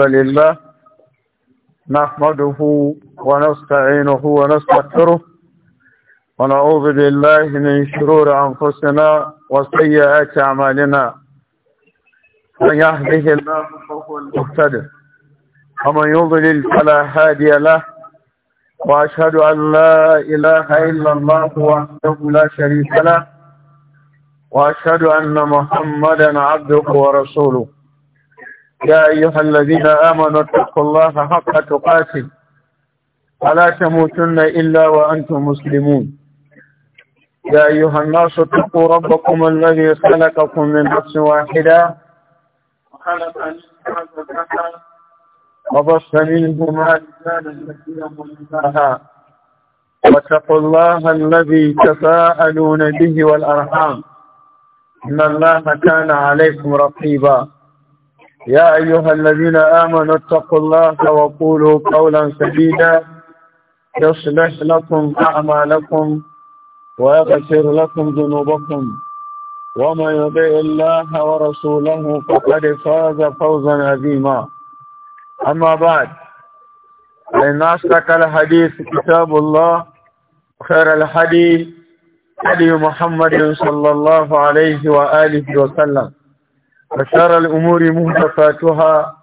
لله نحمده ونستعينه ونستغفره ونعوذ بالله من شرور أنفسنا وسيئات أعمالنا من يهده الله فهو المقتدر ومن يضلل فلا هادي له وأشهد أن لا إله إلا الله وحده لا شريك له وأشهد أن محمدا عبده ورسوله يا أيها الذين آمنوا اتقوا الله حق تقاته ولا تموتن إلا وأنتم مسلمون يا أيها الناس اتقوا ربكم الذي خلقكم من نفس واحدة وخلق منها وبص منهما واتقوا الله الذي تساءلون به والأرحام إن الله كان عليكم رقيبا يا أيها الذين آمنوا اتقوا الله وقولوا قولا سديدا يصلح لكم أعمالكم ويغفر لكم ذنوبكم ومن يطع الله ورسوله فقد فاز فوزا عظيما أما بعد فإن أصدق الحديث كتاب الله خير الحديث حديث محمد صلى الله عليه وآله وسلم وشر الأمور مهدفاتها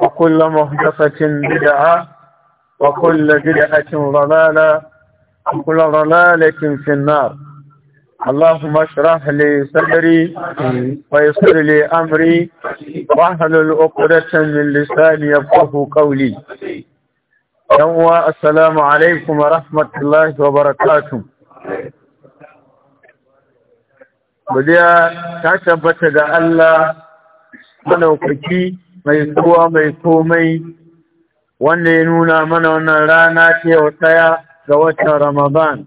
وكل مهدفة بدعة وكل بدعة ضلالة وكل ضلالة في النار اللهم اشرح لي صدري ويسر لي أمري واهل الأقرة من لساني يفقه قولي يوم السلام عليكم ورحمة الله وبركاته بديا ta tabbata madaukaki mai tsuwa mai komai wanda ya nuna mana wannan rana ce wa ɗaya ga watan Ramadan,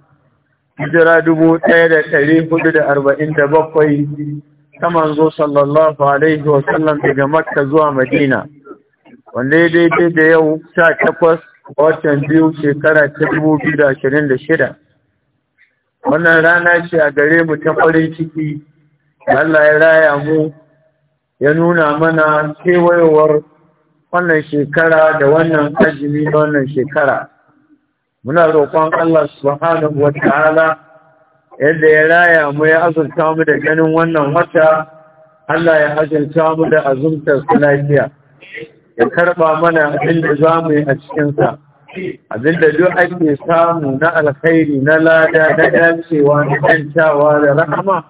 hijira dubu ɗaya da ɗari hudu da arba'in da bakwai ta manzo sallallahu alaihi wa sallam daga Makka zuwa Madina, wanda ya daidai da yau sha takwas watan biyu shekara ta dubu biyu da ashirin da shida. Wannan rana ce a gare mu ta farin ciki, Allah ya raya mu ya nuna mana kewayowar wannan shekara da wannan ajimi na wannan shekara muna roƙon Allah subhanahu wa ta'ala yadda ya raya mu ya azurta mu da ganin wannan wata Allah ya azurta mu da azumtar lafiya ya karɓa mana abin da za mu yi a cikinsa abin da duk ake samu na alkhairi na lada na ɗancewa na kyantawa da rahama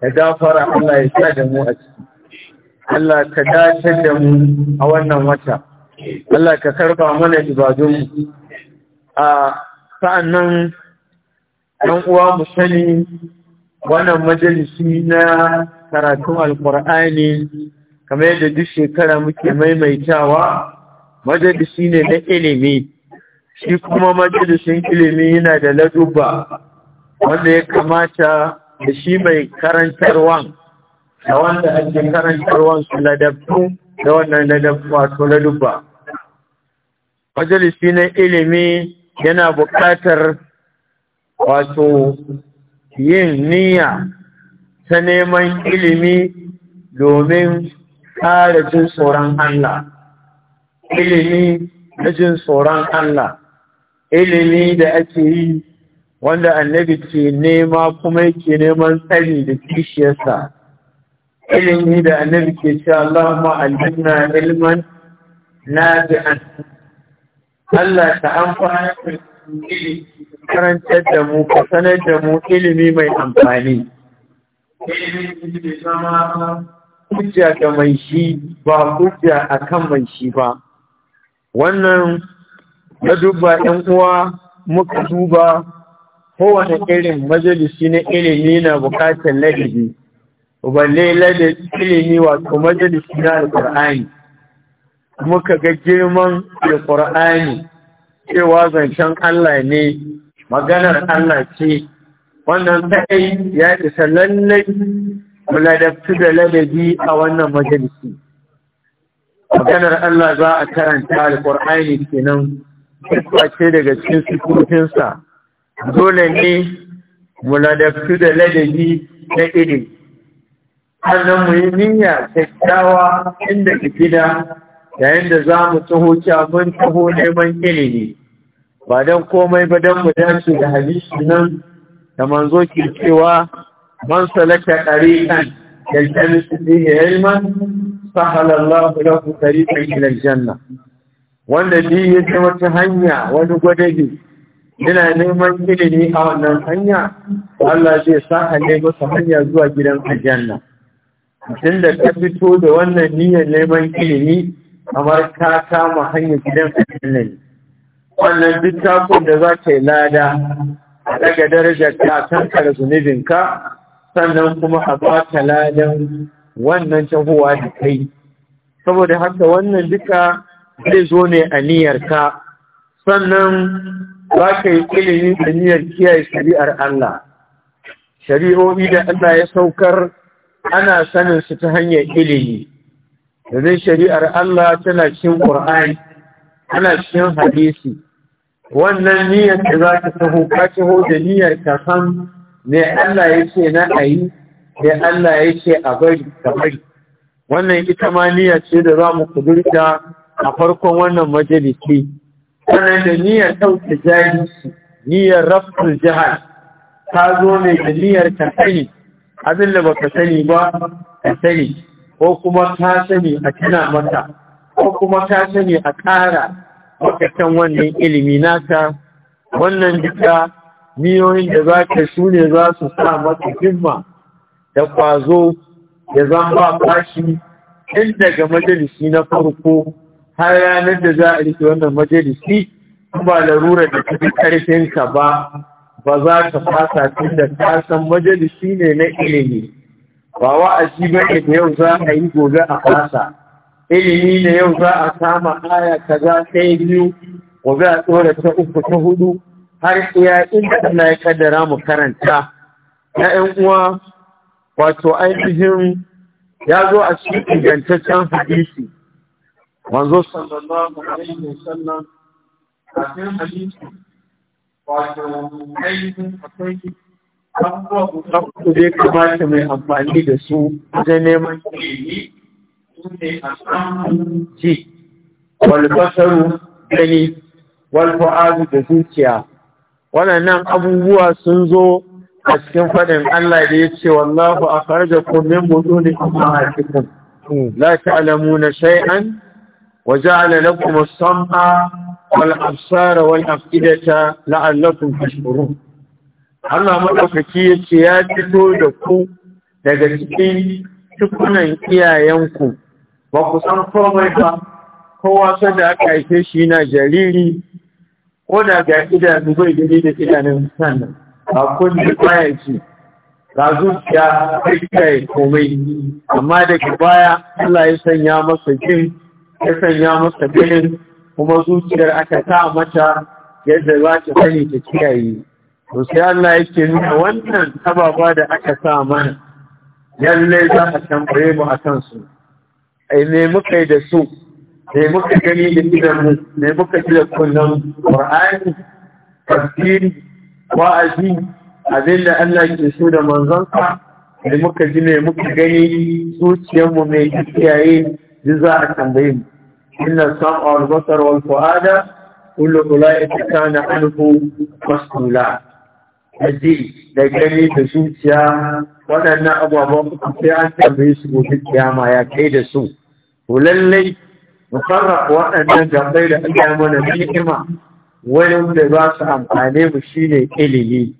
ya gafara Allah ya sa da mu a ciki Allah ka dace da mu a wannan wata Allah ka karba mana ibadun a sa'annan ɗan uwa mu sani wannan majalisi na karatun alkur'ani kamar yadda duk shekara muke maimaitawa majalisi ne na ilimi shi kuma majalisin ilimi yana da laduba wanda ya kamata da shi mai karantarwan da wanda ake karantarwar su ladabtu da wannan ladabtu wato ladubba majalisi na ilimi yana buƙatar wato yin niyya ta neman ilimi domin kare jin tsoron Allah ilimi na jin tsoron Allah ilimi da ake yi wanda annabi ke nema kuma yake neman tsari da kishiyarsa ilimi da annabi ke cewa Allahumma allimna ilman nabi'an Allah ta amfana da ilimi karantar da mu ka sanar da mu ilimi mai amfani ilimi da hujja ga mai shi ba hujja akan mai shi ba wannan na duba ɗan uwa muka duba kowane irin majalisi na ilimi na bukatar ladabi balle ladar ilimi wato majalisi na kuma muka ga girman alƙur'ani cewa zancen Allah ne maganar Allah ce wannan kaɗai ya isa lallai ladabtu da ladabi a wannan majalisi maganar Allah za a karanta alƙur'ani kenan ce daga cikin sukufinsa dole ne mu ladabtu da ladabi na ilimi sannan mu yi niyya kyakkyawa inda gida yayin da za mu taho mun taho neman ilimi ba don komai ba don mu dace da hadisi nan da manzo ke cewa man salaka ɗariƙan yaltami su ilman sahala Allahu lahu tariqan ila aljanna wanda ni ya ce wata hanya wani gwadabe yana neman ilimi a wannan hanya Allah zai sa a masa hanya zuwa gidan aljanna tun da ta fito da wannan niyyar neman ilimi kamar ta kama hanyar gidan aljanna wannan duk takon da za ka yi lada a daga darajar ka tankar zunubinka sannan kuma a ba ta ladan wannan tahowa da kai saboda haka wannan duka zai zo ne a ka. sannan za ka yi ilimi da niyyar kiyaye shari'ar Allah shari'o'i da Allah ya saukar ana sanin su ta hanyar ilimi domin shari'ar Allah tana cikin Qur'ani ana cikin hadisi wannan niyyar da za ka taho ka taho da niyyar ka san me Allah ya ce na ayi me Allah ya ce a bari ka bari wannan ita ma niyyar ce da za mu kudurta a farkon wannan majalisi sannan da niyyar ɗauke jahilci niyyar rafin jihar ta zo ne da niyyar ka sani abin da baka sani ba ka sani ko kuma ka sani a tuna mata? ko kuma ka sani a ƙara maka wannan ilimi naka wannan duka miyoyin da za ka su ne za su sa maka himma da kwazo da zan ba kashi in daga majalisi na farko har yanar da za a rike wannan majalisi ba larurar da ta fi ƙarfinka ba ba za ka fasa tun da ka san majalisi ne na ilimi ba wa'azi ba ne da yau za a yi gobe a fasa ilimi ne yau za a kama aya kaza ɗaya biyu gobe a tsora ta uku ta hudu har iya inda Allah ya kaddara mu karanta na ƴan uwa wato ainihin ya zo a cikin ingantaccen hadisi manzo sallallahu alaihi wasallam cikin hadisi wato zai kamata mai amfani da su wajen neman ilimi ne a ji walbasaru gani walfa'adu da zuciya waɗannan abubuwa sun zo a cikin faɗin Allah da ya ce wallahu a farja kumin mutu ne a cikin hmm. la sai shay'an وجعل لكم السمع والأبصار والأفئدة لعلكم تشكرون Allah maɗaukaki ya ce ya fito da ku daga cikin tukunan iyayenku ba ku san komai ba kowa san da aka haife shi na jariri ko da ga idanu bai gani da idanun sannan ba kun baya ce ga zuciya kai kai komai amma daga baya Allah ya sanya masa jin ya sanya masa ganin kuma zuciyar aka sa mata yadda za ta sani ta kiyaye to sai Allah yake nuna wannan sababa da aka sa mana yalle za a tambaye mu a kansu ai me muka yi da su me muka gani da idan mu me muka ji da kullum qur'ani tafsiri wa'azi abin da Allah ke so da manzansa me muka ji me muka gani zuciyarmu me kiyaye duk za a tambaye mu إن السمع والبصر والفؤاد كل أولئك كان عنه مسؤولا haji da gani da zuciya waɗannan abubuwan sai an tambaye su gobe kiyama ya kai da su to lallai mu farrafa waɗannan gabai da Allah mana ni'ima wani da za su amfane mu shine ilimi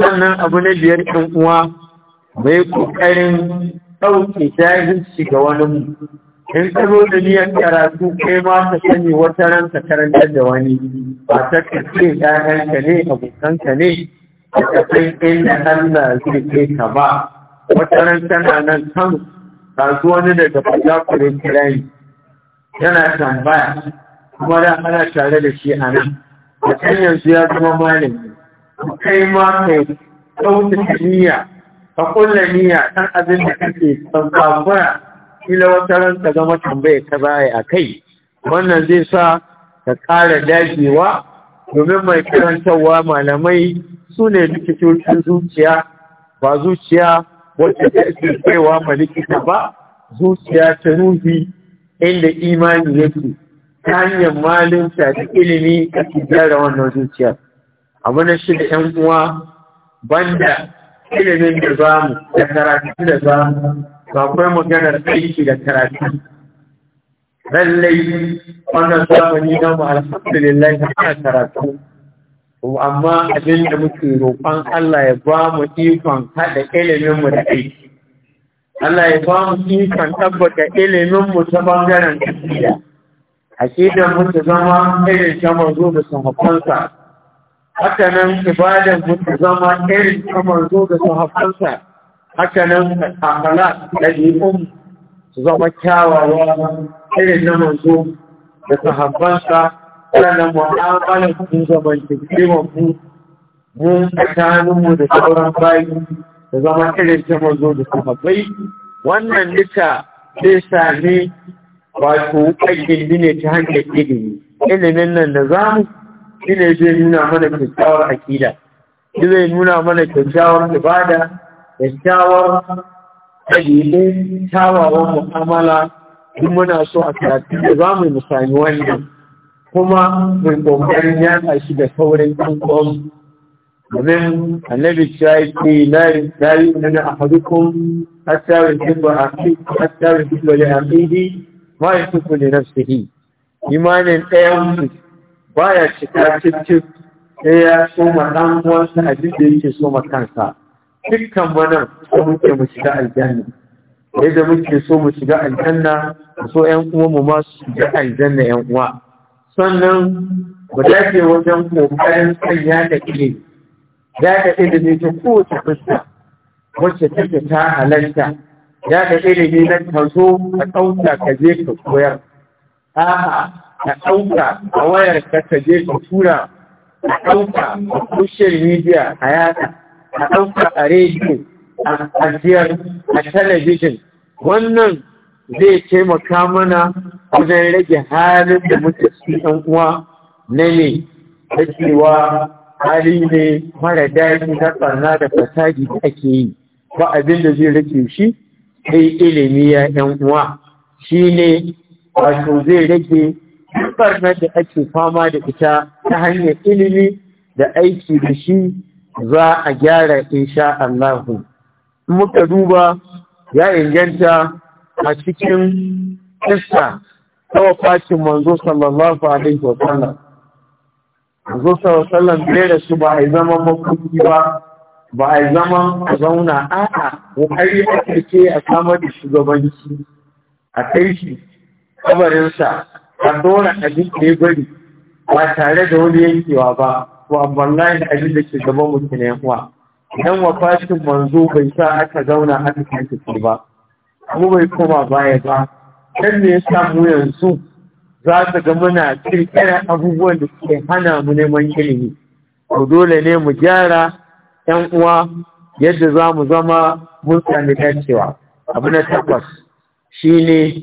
sannan abu na biyar ɗin uwa mai ƙoƙarin ɗauke jahilci ga wani mu in ka zo da niyan karatu kai ma ka sani wata ran karantar da wani ba ta ka ce ɗayanka ne abokanka ne ba ka san inda Allah zai kai ka ba wata ran tana nan kan kasu wani daga kurin kirayi yana tambaya kuma da ana tare da shi a nan da kan yanzu ya zama malami kai ma kai kyautata niyya ka kulla niyya kan abin da kake son kafura kila wata ran ka zama tambaye ta baya a kai wannan zai sa ka ƙara dagewa domin mai karantarwa malamai su ne likitocin zuciya ba zuciya wacce ta ake kaiwa ma likita ba zuciya ta ruhi inda imani yake ta hanyar malinta da ilimi ake gyara wannan zuciya abu na shida yan uwa banda ilimin da zamu da karatu da zamu ba akwai maganar aiki da karatu lallai wannan zamani na mu alhamdulillah ana karatu amma abin da muke roƙon Allah ya ba mu ikon haɗa iliminmu da aiki Allah ya ba mu ikon tabbata iliminmu ta bangaren tafiya A cikin ta zama irin shaman zo da sahabbansa haka nan ibadan mu zama irin shaman zo da sahabbansa haka nan akhlaq ɗabi'un su zama kyawawa irin na manzo da sahabbansa sannan mu'amalar su zamantakewar mu mu tsakaninmu da sauran bayi da zama irin ta manzo da sahabbai wannan duka zai sami wato ƙaggindi dine ta hanyar ilimi ilimin nan da za shi ne zai nuna mana kyakkyawar akida zai nuna mana kyakkyawar ibada kyakkyawar ɗabi'u kyawawan mu'amala duk muna so a karatu da za mu misali wannan kuma mai ƙoƙarin ya shi da saurin ɗan ƙwan domin annabi ya yi ce lari nuna a harukun hattarin jimba a hattarin jimba da aqidi ba ya tuku ne nafsihi imanin ba ya cika cikin sai ya soma ɗan uwansa a da yake soma kansa dukkan manan sai muke mu shiga aljanna da muke so mu shiga aljanna so ƴan uwa mu ma su shiga aljanna ƴan uwa sannan mu dace wajen kokarin sanya da ilimi ya da ne ta kowace fuska wacce take ta halarta ya da ne na ka zo ka ɗauka ka je ka koyar a'a ka ɗauka a wayar ka ka je ka tura ka ɗauka a social media a yaka. a ɗauka a rediyo a ajiyar a talabijin wannan zai taimaka mana wajen rage halin da muke ci ɗan uwa na ne Rakewa hali ne mara daɗi na ɓarna da fasadi da ake yi ba abin zai rage shi sai ilimi ya ɗan uwa shi ne wato zai rage ɓarnar da ake fama da ita ta hanyar ilimi da aiki da shi za a gyara insha Allah muka duba ya inganta a cikin kista ta wafakin manzo sallallahu alaihi wa sallam manzo sallallahu alaihi da su ba a zama makuki ba ba a zama a zauna a'a kokari ake ce a samar da shugabanci a kai shi kabarinsa a dora abin da ya bari ba tare da wani yankewa ba wa da abin da ke gaban mu ne kuwa idan fashin manzo bai sa aka zauna aka kankace ba mu bai koma baya ba dan ne yasa mu yanzu za ka ga muna kira abubuwan da suke hana mu neman ilimi to dole ne mu gyara 'yan uwa yadda za mu zama mun sami dacewa abu na takwas shine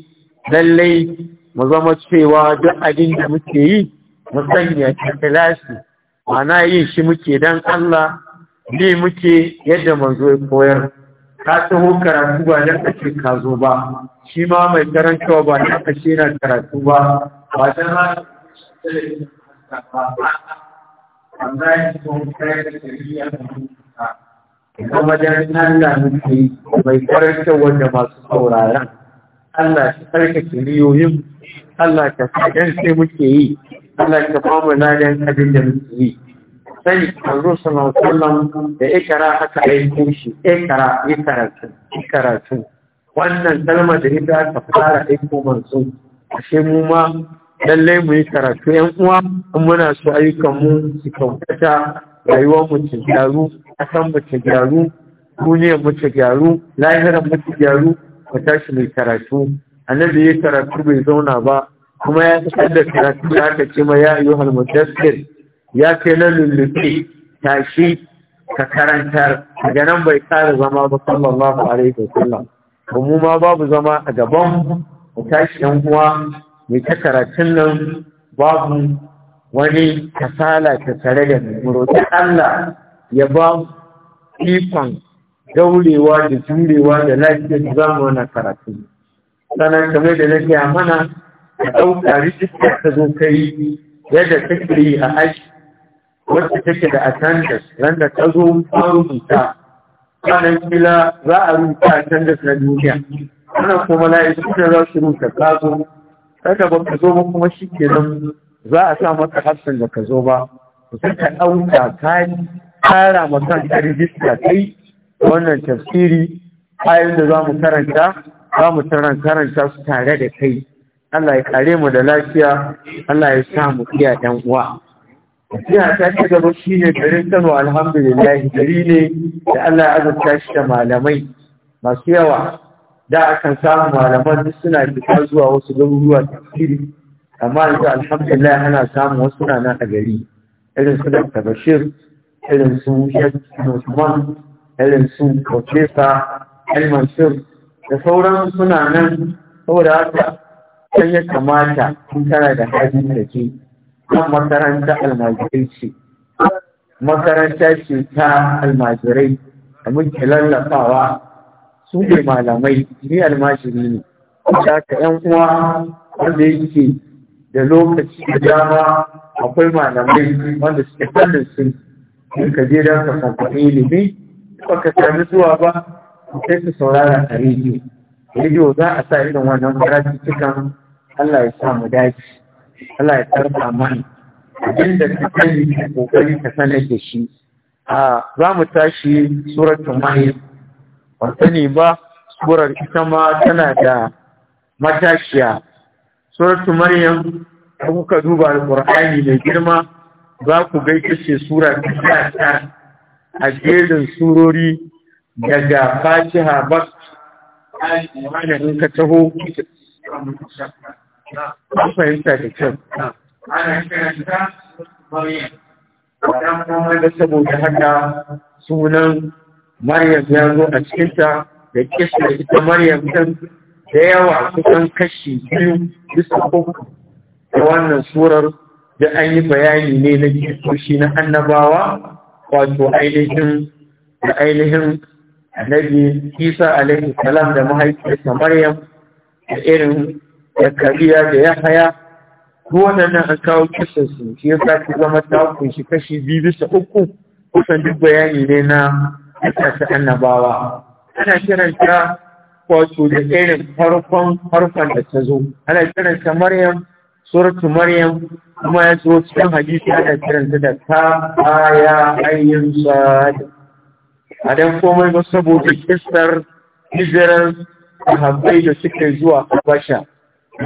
lallai mu zama cewa duk abin da muke yi mu sanya ikhlasi mana yin shi muke dan Allah ne muke yadda manzo ya koyar ka taho karatu ba dan ka ce ka zo ba shi ma mai karantawa ba dan ka ce na karatu ba ba dan ha kuma dan Allah muke mai karanta wanda masu sauraron Allah ya karkace riyoyin Allah ka sa sai muke yi Allah ya ba mu ladan abin da muke yi sai Allah sallallahu kullum da ikara aka aiko shi ikra ikara ikaratu wannan kalma da ita aka fara aiko manzo ashe mu ma lallai mu yi karatu yan uwa in muna so ayyukan mu su kyautata rayuwar mu ta gyaru kasan mu ta gyaru duniyar mu ta gyaru lahirar mu ta gyaru mu tashi mai karatu annabi ya karatu bai zauna ba kuma ya fitar da karatu da aka ce ya yi ya ce na lullufi tashi ka karantar daga nan bai tsara zama ba sallallahu alaihi wasallam ba mu ma babu zama a gaban mu tashi yan uwa mai ta karatun nan babu wani kasala ta tare da mu roƙi Allah ya ba ikon daurewa da jurewa da lafiyar da zamu karatu sannan kamar da na gaya mana ka ɗauka rijistar ta zo kai yadda take a aiki wacce take da ran da ta zo ta. rubuta ranar kila za a rubuta attendance na duniya ana kuma la'isu da za su rubuta ka zo kada ba ka zo ba kuma shi ke nan za a sa maka hafsan da ka zo ba sai ka ɗauka ka kara ma rijista kai wannan tafsiri kayan da za mu karanta za mu karanta su tare da kai Allah ya kare mu da lafiya Allah ya sa mu iya ɗan uwa jiha ta ci gaba shi ne garin Kano alhamdulillah gari ne da Allah ya azurta shi da malamai masu yawa da akan samu malaman duk suna fita zuwa wasu garuruwa tafsiri amma yanzu alhamdulillah ana samun wasu na a gari irin su da Tabashir, irin su Sheikh Usman irin su Professor Elman Sir da sauran suna nan saboda haka sai ya kamata in tana da hali da ke kan makaranta almajirai ce makaranta ce ta almajirai da muke lallafawa su ne malamai ni almajiri ne ta ka yan uwa wanda yake da lokaci da dama akwai malamai wanda suke fannin su in ka je don ka ilimi ba ka sami zuwa ba sai ka saurara a rediyo rediyo za a sa irin wannan farashi cikin Allah ya sa mu Allah ya tarfa mana abin da ka sani kokari ka sanar da shi a za mu tashi surar maryam ban sani ba surar ita ma tana da matashiya surar maryam yan kuka duba alƙur'ani mai girma za ku ga ita ce sura ta a jerin surori daga fatiha bas malamin ka taho a fahimta da kyau da saboda haka sunan maryam ya zo a cikinta da kisa ita maryam ɗin da yawa kusan kashi biyu bisa uku da wannan surar da an yi bayani ne na kisoshi na annabawa wato ainihin da ainihin annabi isa alaihi salam da mahaifiyarsa maryam da irin zakariya da ya haya. ko waɗannan an kawo kisansu shi yasa ta zama ta kunshi kashi biyu bisa uku kusan duk bayani ne na ta annabawa ana kiranta wato da irin farkon farkon da ta zo ana kiranta maryam suratu maryam kuma ya zo cikin hadisi ana kiranta da ta aya ayyin a komai ba saboda kistar hijirar sahabbai da suka zuwa Habasha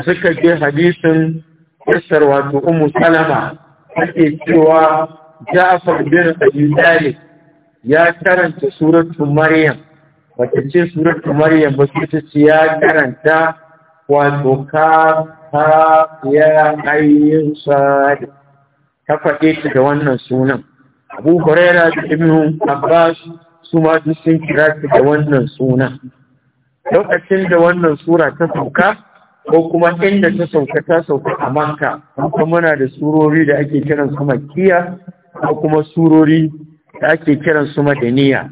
suka je hadisin kistar wato Ummu Salama take cewa Ja'far bin Abi Talib ya karanta suratul Maryam wata ce suratul Maryam ba su ce ya karanta wato ka ha ya ayyin sadi ta faɗe ta da wannan sunan Abu yana da Ibn Abbas su ma duk sun kira su da wannan suna lokacin da wannan sura ta sauka ko kuma inda ta sauka ta sauka a makka kuma muna da surori da ake kiran su makiya, ko kuma surori da ake kiran su madaniya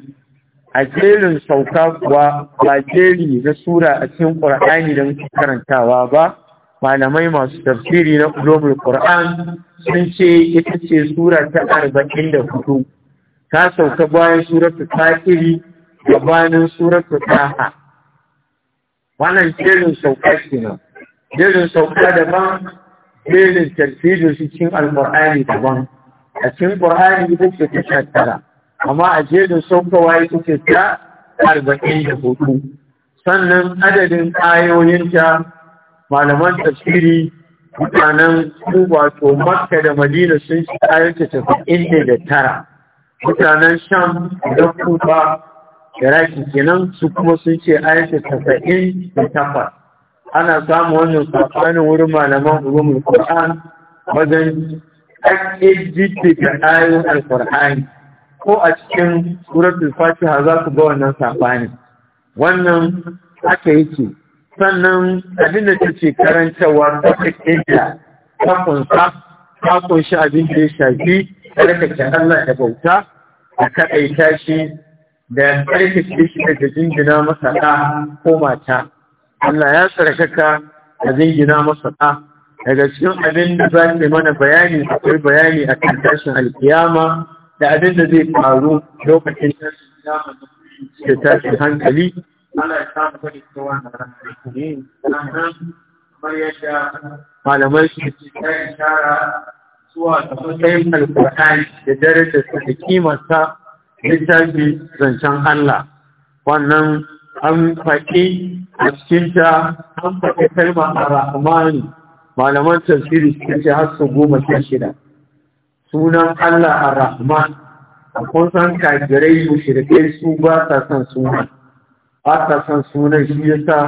a jerin sauka kuwa ba jeri na sura a cikin ƙur'ani da muke karantawa ba malamai masu tafsiri na ulumul qur'an sun ce ita ce sura ta arba'in da hudu ta sauka bayan suratu kafiri da bayan suratu taha wannan jerin sauka nan jerin sauka daban jerin tarfijin su cikin alƙur'ani daban a cikin ƙur'ani ita ce ta sha tara amma a jerin saukawa ita ce ta arba'in da hudu sannan adadin ayoyinta malaman tafsiri mutanen wato makka da madina sun ci ayoyinta tafa'in da tara mutanen sham da kuma iraki kenan su kuma sun ce ayyuka tasa'in da tafa ana samun wannan tsakanin wurin malaman ulumul qur'an wajen da ayyukan alqur'an ko a cikin suratul fatiha za ku ga wannan sabanin wannan haka yake sannan abin da take karantawa ta cikin ta ta sa ta shi abin da ya shafi tsarkake Allah da bauta a kaɗaita shi da tsarkake shi daga jingina masa ɗa ko mata. Allah ya tsarkaka a jingina masa ɗa. Daga cikin abin da za ke mana bayani akwai bayani a kan tashin alkiyama da abin da zai faru lokacin tashin alkiyama da tashin hankali. Allah ya samu wani na ranar Malamai su ce ta zuwa ga matsayin alkur'ani da dare da kimarsa littafi zancen Allah wannan an faƙi a cikinta an faɗi kalma a rahmani malaman tafsiri cikin ce har su goma sha shida sunan Allah a rahman a kusan kagirai mushrikai su ba sa son sunan ba sa son sunan shi yasa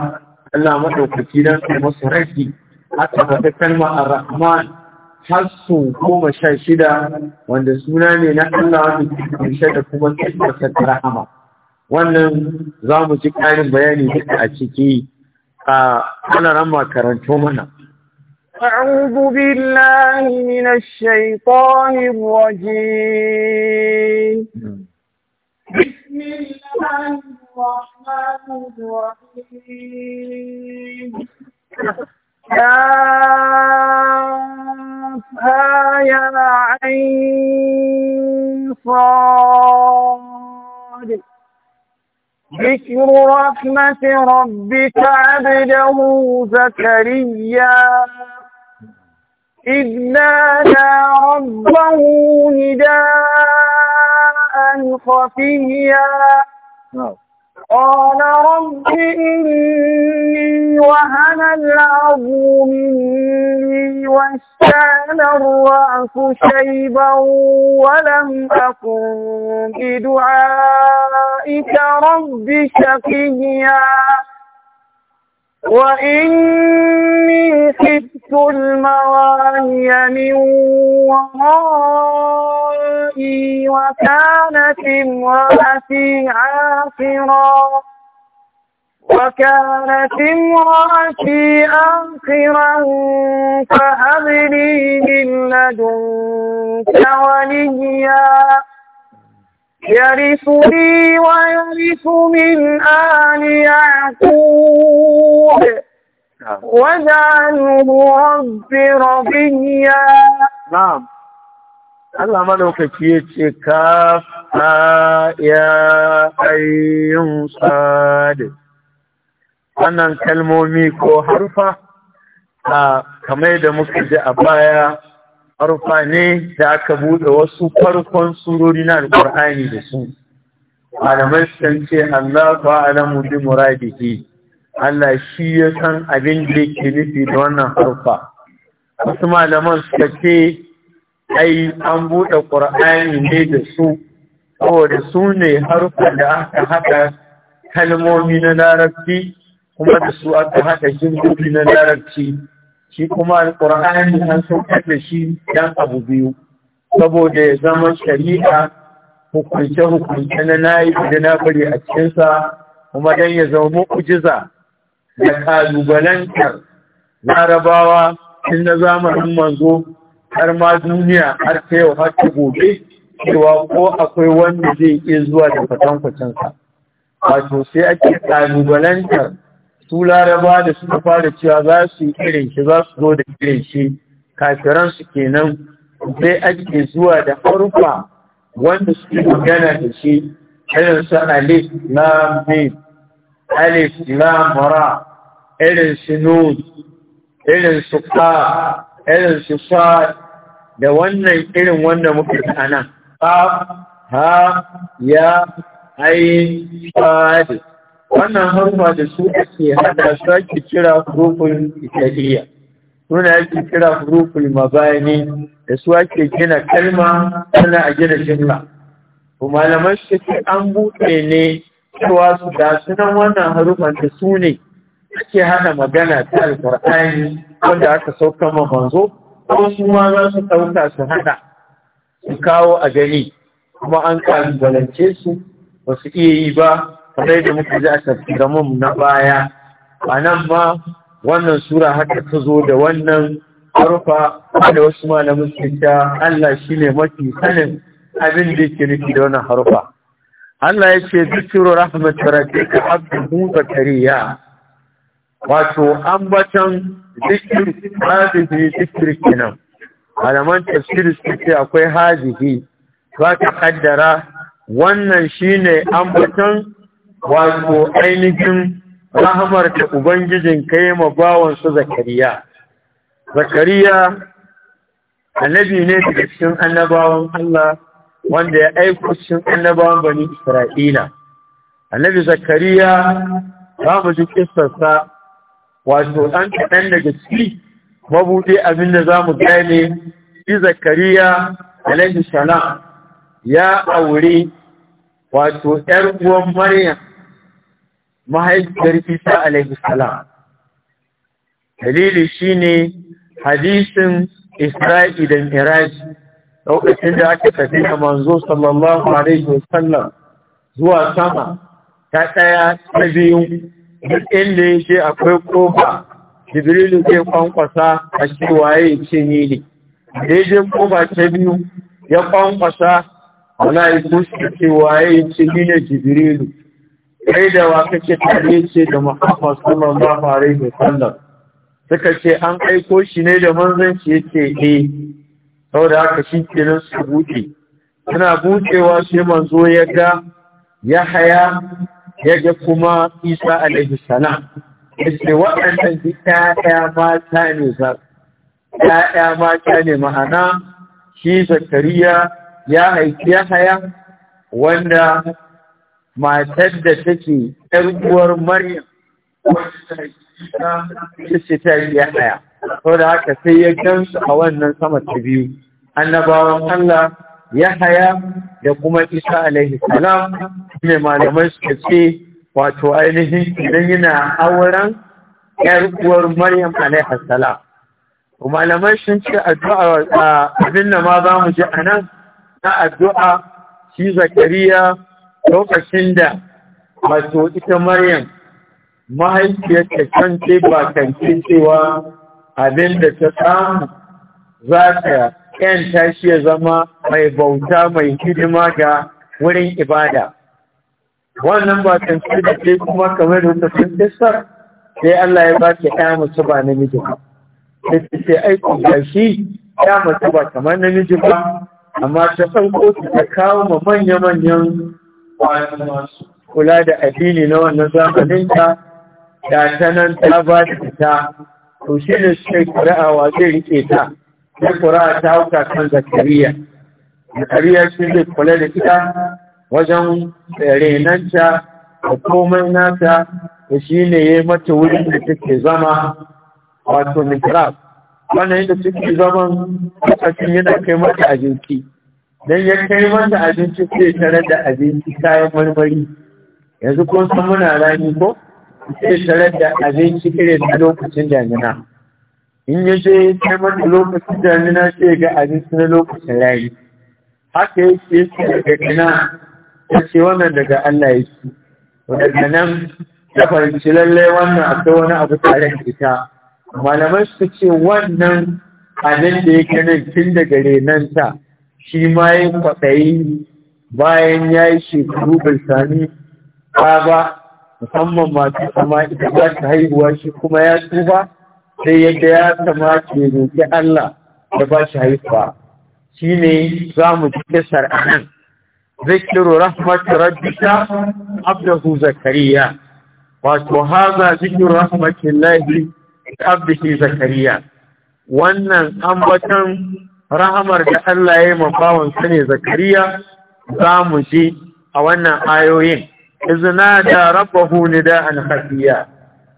Allah maɗaukaki don su masu rage aka faɗi kalma a rahman har goma sha shida wanda suna ne na Allah wanda ke da kuma sifarsa ta rahama wannan za mu ji ƙarin bayani duk a ciki a ƙanaran makarantu mana أعوذ بالله من الشيطان الرجيم بسم الله الرحمن الرحيم يا عين صاد ذكر رحمة ربك عبده زكريا إذ نادى ربه نداء خفيا قال رب إني وهن العظم مني واستعن الرأس شيبا ولم أكن بدعائك رب شقيا وإني خفت الموالي من ورائي وكانت امرأتي عاقرا وكانت امرأتي آخرا فأغني من لدنك وليا يرثني ويرث من آل يعقوب واجعله رب رضيا نعم Allah madaukaki ya ce ka a ya ayyun sadi kalmomi ko harfa a kamar da muka je a baya harfa ne da aka buɗe wasu farkon surori na alƙur'ani da su malamai sun ce Allah fa alamu bi muradihi Allah shi ya san abin da yake nufi da wannan harfa wasu malaman suka ce ai an buɗe ƙur'ani ne da su saboda su ne harfan da aka haɗa kalmomi na larabci kuma da su aka haɗa jirgin na larabci shi kuma alƙur'ani an saukar da shi ɗan abu biyu saboda ya zama shari'a hukunce-hukunce na na yi da na bari a cikinsa kuma dan ya zama mukujiza da ƙalubalantar larabawa tun na zamanin manzo har ma duniya har ta yau har ta gobe cewa ko akwai wanda zai iya zuwa da kwatankwacinsa wato sai ake ƙalubalantar su laraba da suka fara cewa za su yi irin shi za su zo da irin shi kafiran su kenan sai ake zuwa da harufa wanda suke magana da shi irin su alif na min alif na mara irin su nun irin su ka irin su sa da wannan irin wanda muka yi a ha ya ayin wannan harfa da su ake hada su ake kira hurufin italiya suna ake kira hurufin mabayani da su ake gina kalma suna a gina jimla malaman shi ke an buɗe ne cewa su da sunan wannan harufan da su ne ake hana magana ta alƙur'ani wanda aka sauka ma manzo ko su ma za su ɗauka su hada su kawo a gani kuma an kalubalance su ba su iya yi ba kamar yadda muka ji a tafsirin na baya a nan ma wannan sura haka ta zo da wannan harfa da wasu malamin su ta Allah shi ne mafi sanin abin da yake nufi da wannan harfa Allah ya ce zikiru rahmat rabbika abdu zakariya wato ambatan zikir hadihi zikir kenan malaman tafsiri su ce akwai hadihi za ka kaddara wannan shine ambatan wato ainihin rahamar ta ubangijin kai ma bawansu zakariya zakariya annabi ne daga cikin annabawan Allah wanda ya aiko cikin annabawan bani Isra'ila annabi zakariya za mu ji kistarsa wato ɗan kaɗan daga ciki mabuɗe abin da za mu gane shi zakariya alaihi salam ya aure wato ‘yar uwan maryam mahaifiyar Isa alaihi salam dalili shine hadisin Isra'i da Miraj lokacin da aka tafi a manzo sallallahu alaihi wasallam zuwa sama ta tsaya ta biyu duk inda ya ce akwai kofa Jibrilu ke kwankwasa a cewaye ce ni ne je kofa ta biyu ya kwankwasa a su ce waye ce ni ne Jibrilu kai da wa kake tare ce da Muhammad sallallahu alaihi wasallam suka ce an aiko shi ne da manzanci yace eh saboda haka shi kenan su buɗe suna bucewa sai manzo ya ga Yahaya ya ga kuma Isa alaihi salam yace waɗannan duk ya mata ne za ya mata ne ma'ana shi Zakariya ya haifi Yahaya wanda matar da take ‘yar uwar Maryam ita ce ta ya haya, sau da haka sai ya gansu a wannan sama ta biyu, annabawan Allah ya haya da kuma isa alaihi salam ne malamai suka ce wato ainihin idan yana auren ‘yar uwar Maryam alaihi salam. Malamai sun ce addu'a abin da ma za mu ji a nan na addu'a shi Zakariya lokacin da wato ita maryam mahaifiyar ta kance ba kance cewa abin da ta samu za ta yanta shi ya zama mai bauta mai hidima ga wurin ibada wannan ba kance da ke kuma kamar da ta sun kisar sai Allah ya ba ta ɗaya mace ba namiji ba ta ce aiki ga shi ya mace ba kamar namiji ba amma ta sauko ta kawo ma manya-manyan kula da addini na wannan ta? da ta nan ta ba ta to shi ne shi ƙura'a wa zai rike ta sai ƙura'a ta hauka kan zakariya zakariya shi zai kula da ita wajen renanta da komai nata da shi ne ya yi mata wurin da take zama wato mikrab wannan yadda suke zaman lokacin yana kai mata a jinki dan ya kai masa abinci sai tare da abinci kayan marmari yanzu kun san muna rani ko sai tare da abinci irin na lokacin damina in ya je kai masa lokacin damina sai ga abinci na lokacin rani haka yake su daga kana ya ce wannan daga Allah ya ce daga nan ya fahimci lallai wannan akwai wani abu tare da ita malamai su ce wannan abin da yake nan tun daga renanta shi ma yi kwaɗayi bayan ya yi shekaru bai sami ɗa ba musamman masu kama ita ba ta haihuwa shi kuma ya tuba sai yadda ya kamata ya roƙi Allah da ba shi haihuwa shi ne za mu ji kisar a nan zikiru rahmatu rabbika abdahu zakariya wato haza zikiru rahmatullahi abdahu zakariya wannan ambaton rahamar da Allah ya yi mabawan ne zakariya za mu ji a wannan ayoyin izina da da nida'an hafiya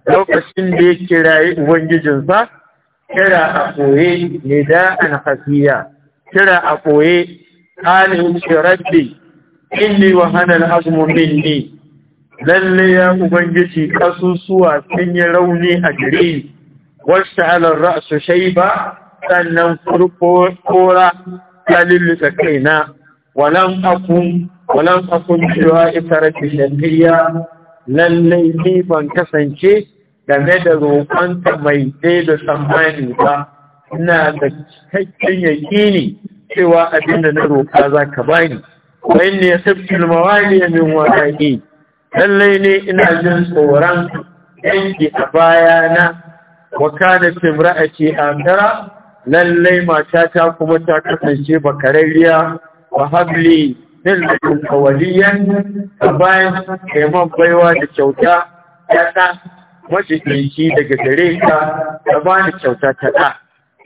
lokacin da ya kirayi ubangijinsa kira a da nida'an hafiya kira a koye halin ce rabbi inni wa hanal azumin minni lalle ya ubangiji ƙasusuwa sun yi rauni a gare ni wasu halar ra'su shaiba sannan kora ya da kaina walam akun walam akun shiwa ita rafi shafiya lallai ni ban kasance game da roƙonta mai ɗaya da tsammani ba ina da cikakken yakini cewa abin da na roƙa za ka bani wai ne ya sabbi ya min waƙaƙi lallai ne ina jin tsoron yanki a bayana wa ce an dara lallai matata kuma ta kasance bakararriya wa habli min lakum a bayan kaiman baiwa da kyauta ya ɗa majikinki daga gare ka ta bani kyauta ta ɗa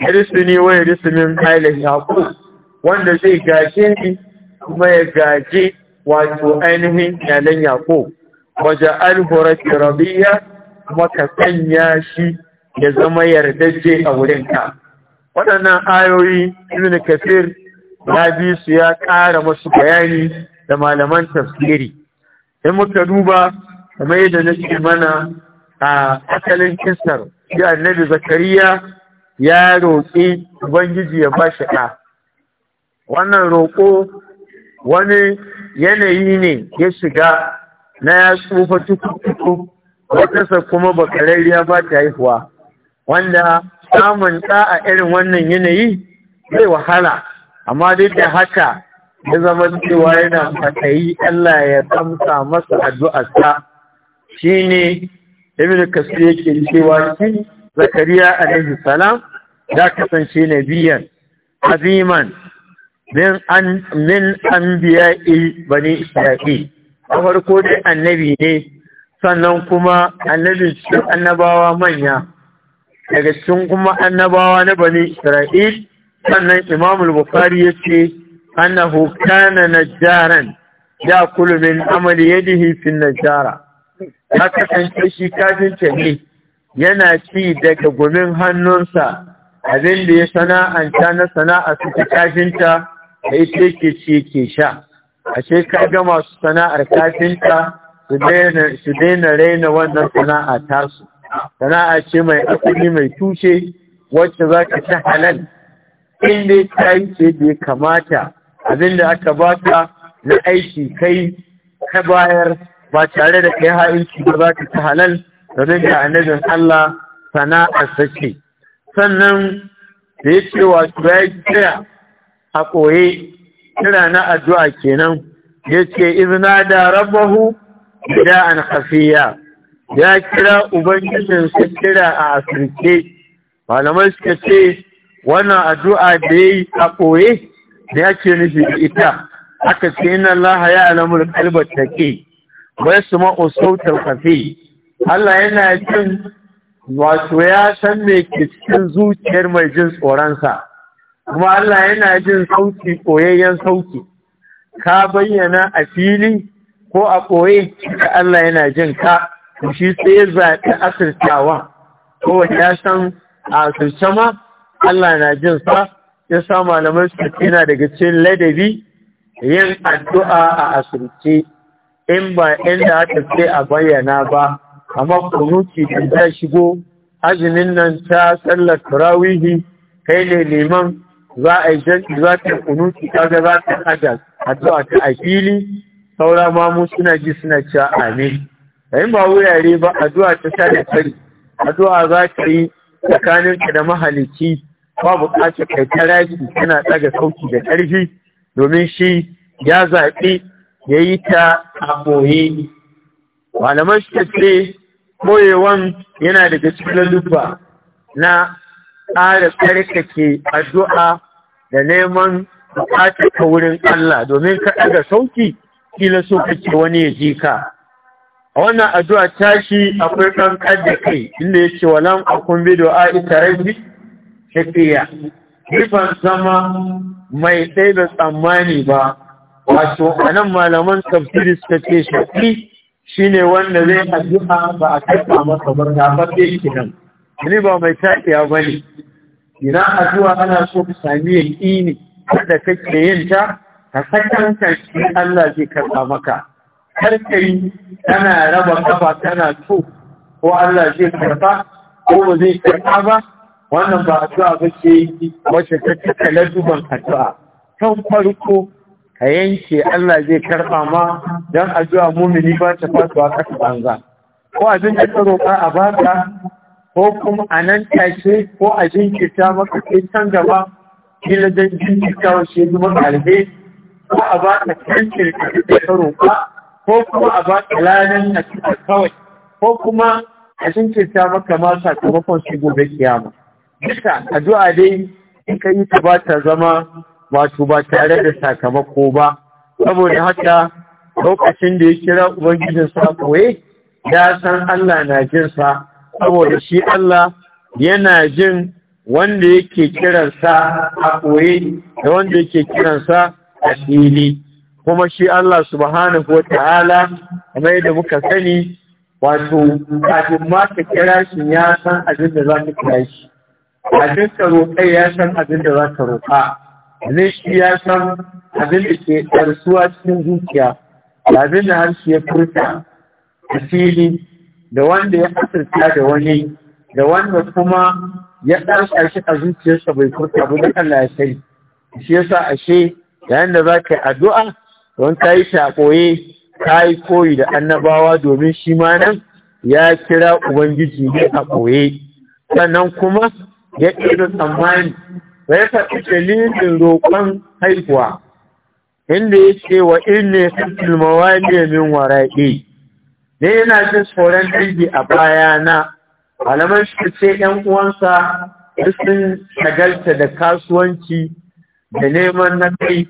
wani risu risinin ailan yaƙo wanda zai gaje ni kuma ya gaje wato ainihin yalan yaƙo waje alhura kirabiya kuma ka sanya shi ya zama yardajje a wurinka waɗannan ayoyi ibn kafir ya bi su ya ƙara masu bayani da malaman tafsiri in muka duba kamar yadda na ce mana a asalin kisar shi annabi zakariya ya roƙi ubangiji ya ba shi ɗa wannan roƙo wani yanayi ne ya shiga na ya tsufa tukutuku wata kuma ya ba ta haihuwa wanda samun ɗa a irin wannan yanayi zai wahala amma duk da haka ya zama cewa yana matsayi Allah ya kamsa masa addu'arsa shi ne ibn kasir yake cewa shi zakariya alaihi salam ya kasance nabiyan aziman min an min anbiya'i bani isra'il a farko dai annabi ne sannan kuma annabin annabawa manya daga cikin kuma annabawa na bani Isra'il sannan Imam Bukhari ya yace annahu kana najjaran ya kulu min amali yadihi fi najjara ya kasance shi kafinta ne yana ci daga gumin hannunsa abin da ya sana'anta na sana'a su ta kafinta da ita yake ci yake sha ashe ka ga masu sana'ar kafinta su daina raina wannan sana'a tasu sana'a ce mai asali mai tushe wacce za ka ta halal in dai yi ce da ya kamata abin da aka baka na aiki kai ka bayar ba tare da kai ha'inci ba za ka ci halal domin da annabin Allah sana'a sake sannan da ya ce su ya yi tsaya a koye kira na addu'a kenan ya ce izina da rabbahu gida an hafiya ya kira su kira a afirke malamai suka ce wannan addu'a da ya yi a ɓoye da ya ce nufi da ita aka ce ina Allah ya alamul kalbar take bai su ma'o sautar kafe Allah yana jin wato ya san me ke cikin zuciyar mai jin tsoronsa kuma Allah yana jin sauti ɓoyayyen sauti ka bayyana a fili ko a ɓoye Ka Allah yana jin ka to shi sai a zaɓi asirtawa kowane ya san a asirce ma Allah na jin sa ya sa malaman su yana daga cikin ladabi yin addu'a a asirce in ba inda aka sai a bayyana ba amma kunuti da ta shigo azumin nan ta sallar turawihi kai ne neman. za a yi jan za ta kunuti kaga za ta hada addu'a ta a fili saura ma mu suna ji suna cewa amin yin ba wurare ba addu'a ta sada kari addu'a za ka yi ka da mahalicci. ba buƙatar kai ta kana tana sauki da ƙarfi domin shi ya zaɓi ya yi ta a ɓoye malaman suka ce ɓoyewan yana daga cikin lalluba na ƙara tsarkake addu'a da neman buƙatar ka wurin Allah domin ka ɗaga sauki kila so kake wani ya ji ka a wannan addu'a tashi akwai ɗan ƙadda kai inda ya ce walan akun bido a ita rabi shafiya rifan zama mai ɗaya da tsammani ba wato a malaman tafsiri suka ce shafi shi wanda zai addu'a ba a kai masa ba da fafe yake nan ni ba mai tafiya ba ne ina addu'a ana so ka sami yaƙini kada kake yin ta ka sakanta Allah zai karɓa maka karkari tana raba kafa tana so ko Allah zai karba ko ba zai karba ba wannan ba addu'a ba ce wacce ta cika laduban addu'a kan farko ka yanke Allah zai karba ma don addu'a mumini ba ta fasuwa kasa banza ko abin da ka roƙa a baka ko kuma a nan take ko a jinkirta maka kai can gaba kila dan jinkirta wa shi zuma ko a baka jinkirta da ka roƙa ko kuma a baka ladan na kika kawai ko kuma a ta maka ma sakamakon su gobe kiyama duka addu'a dai in ka yi ta ba ta zama wato ba tare da sakamako ba saboda haka lokacin da ya kira ubangijin sa koye ya san Allah na jinsa, saboda shi Allah yana jin wanda yake kiransa a koye da wanda yake kiransa a fili kuma shi Allah subhanahu wa ta'ala kamar yadda muka sani wato kafin ma ka kira shi ya san abin da za ka kira shi abin ka roƙa ya san abin da za ka roƙa zai shi ya san abin da ke ƙarsuwa cikin zuciya da abin da harshe ya furta a fili da wanda ya asirta da wani da wanda kuma ya ɗarsa shi a zuciyarsa bai furta ba da Allah ya sai shi yasa ashe yayin da za ka yi addu'a don ta yi taɓoye ta yi koyi da annabawa domin shi ma nan ya kira ubangiji ne a ɓoye sannan kuma ya ƙero tsammani ya faɗi dalilin roƙon haihuwa inda ya ce wa inne kafin ne min waraƙe ne yana jin tsoron dangi a bayana malaman shi ce ‘yan uwansa sun shagalta da kasuwanci da neman na kai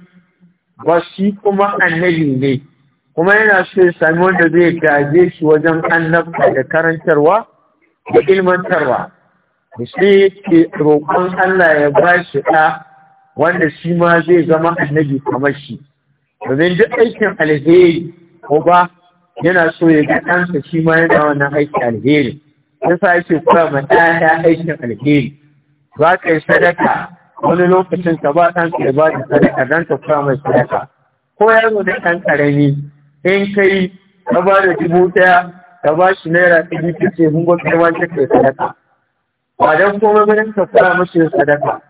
ba shi kuma annabi ne kuma yana so ya sami wanda zai gaje shi wajen annabta da karantarwa da ilmantarwa da shi yake roƙon Allah ya ba shi ɗa wanda shi ma zai zama annabi kamar shi domin duk aikin alheri ko ba yana so ya ga ɗansa shi ma yana wannan aikin alheri yasa yake kuma ma ɗaya aikin alheri za ka yi sadaka wani lokacin ka ba ɗan ka ba da sadaka don ka koya mai sadaka ko yaro da ɗan ƙarami in kai ka ba da dubu ɗaya ka ba shi naira ɗari ta ce mun gwamnati ba ta kai sadaka ba don komai ba ka koya mashi sadaka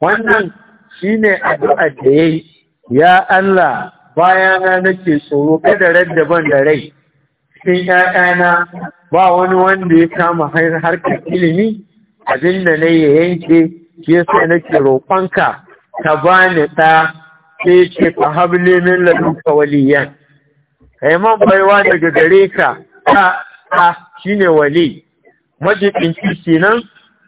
wannan shi ne addu'a da ya yi. ya Allah bayana nake tsoro kada radda ban da rai cikin ‘ya'yana ba wani wanda ya kama harkar ilimi da na ya yanke shi yasa nake roƙonka ka bani ɗa sai ce fa habli min ladunka waliyan kai man baiwa daga gare ka ta ta shine wali majibinci kenan